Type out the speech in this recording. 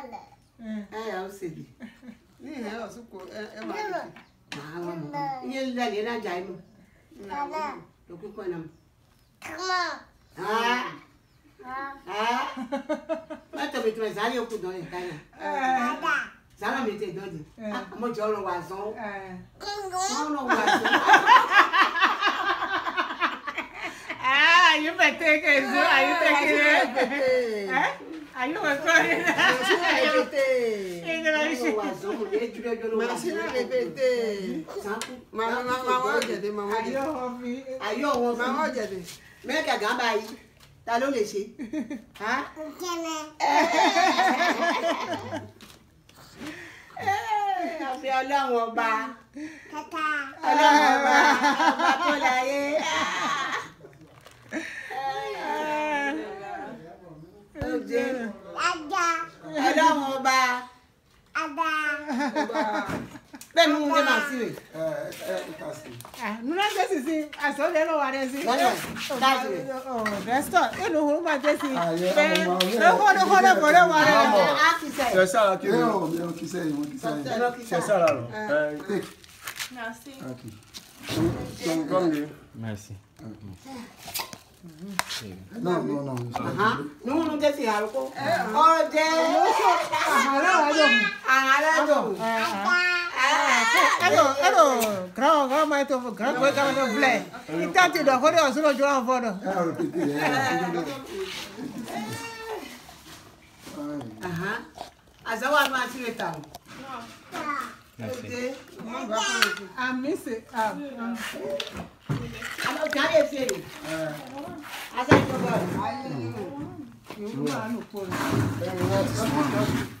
Eh, awusedi. Ni he osuko e ma. Ma wa mo. Nye lila ni na jai mo. Na. Doku ko na. Kama. Ah. Ah. Ma to bi tuma zari oku do ni kana. Zara mi te do di. Mo jo ro wa zon. Eh. wa zon. Ah, you better take it. Are you taking it? Masina répété. Maman, maman, jẹ̀dẹ̀, maman. Ayọ̀ wọn fi. Maman jẹ̀dẹ̀. Mẹ́ka gàmbá yìí, ta ló lè ṣe? Àfi ọlọ́run ọba. Ọlọ́run ọba, ọba tó láyé. nasiwe. nuna jẹ sisi àti ọdẹ lọ wa dẹ si. rẹsítọ inú huru ma jẹ si. lóko lóko lè kó lè wà rẹ. sẹsẹ ala kiri o mi o kisẹ yi mo kisẹ yi sẹsẹ ala lọ. Merci. Merci. Non, non, non. Nous, on nous dit c'est alcool. Oh, Dieu. Arrête. Arrête alors alors grand grand ma to grand ko ka no ble itati do ko do so do joran fo do aha azawa ma ti le ta Ami se a. Alo kan ye fere. Asa ko ba. Ayi. Yo wa nu ko.